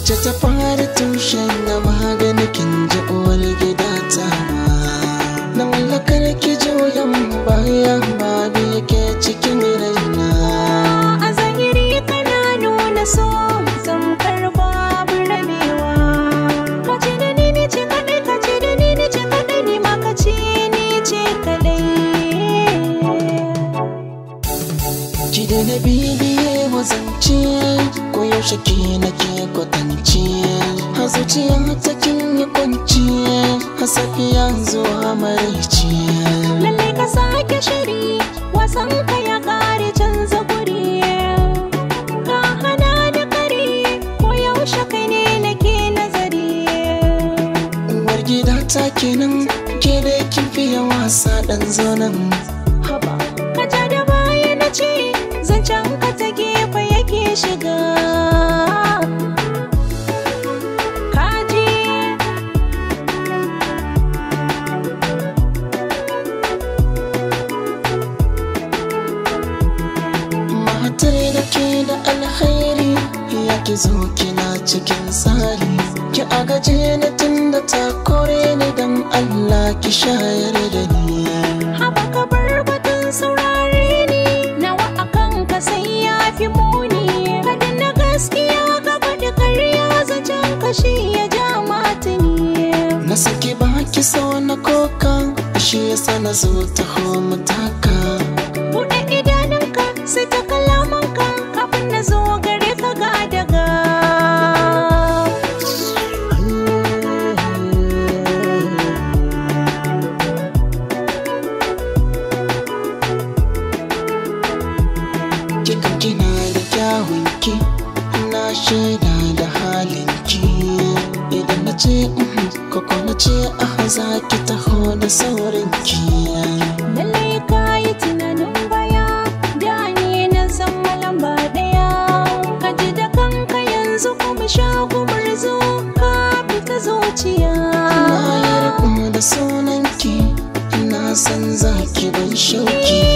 kice ta fara tushen da magani kin ji uwar gida na mallakar ki juyan baya ba yake cikin raina a zahiri kana nuna so tamkar babu rabewa ka ce ni ni ce kaɗai ka ce ni ni ce kaɗai ni ma ka ce ni ce kaɗai ki da na bibiye mazance yaushe ke ke kwatance a zuciya ta kin yi kwance a safiya zuwa maraiciya. lalle ka sake shiri wasan ka ya kare canza guri ka hana da kare koyaushe kai ne nake nazari uwar gida ta kenan ke da kin fiye wasa dan zonan ki zo kina cikin tsari ki agaje ni tun da ta kore ni dan Allah ki shayar da ni haba bar batun saurare ni nawa akan ka sai ya fi muni kada na gaskiya ka faɗi karya zancen kashi ya ja matini na saki baki so na kokan shi yasa na zo taho mutaka kyawunki na shaida da halinki idan na ce koko na ce aha za ki taho da saurinki lallai ka yi tunanin baya da ni na zama lamba daya ka da kanka yanzu kuma sha kumar zo ka fita zuciya na yi da sunanki na san zaki ki ban shauki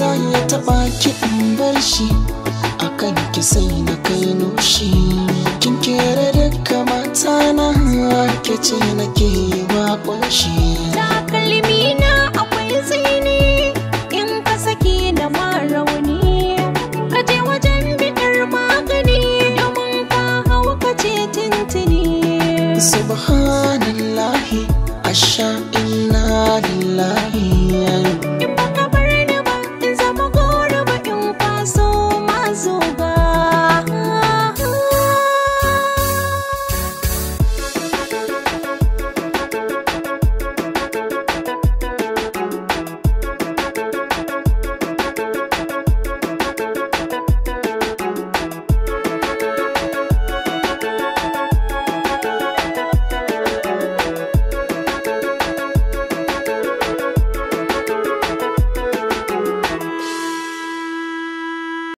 za ya taɓa ki bar shi a kan ki sai na kai nushi kin kere duka mata na ke ce na ke yi wa takalmi na akwai zini in ka saki na mara wani ka je wajen biɗar magani domin ka hau ka ce tintini subhanallahi asha inna lillahi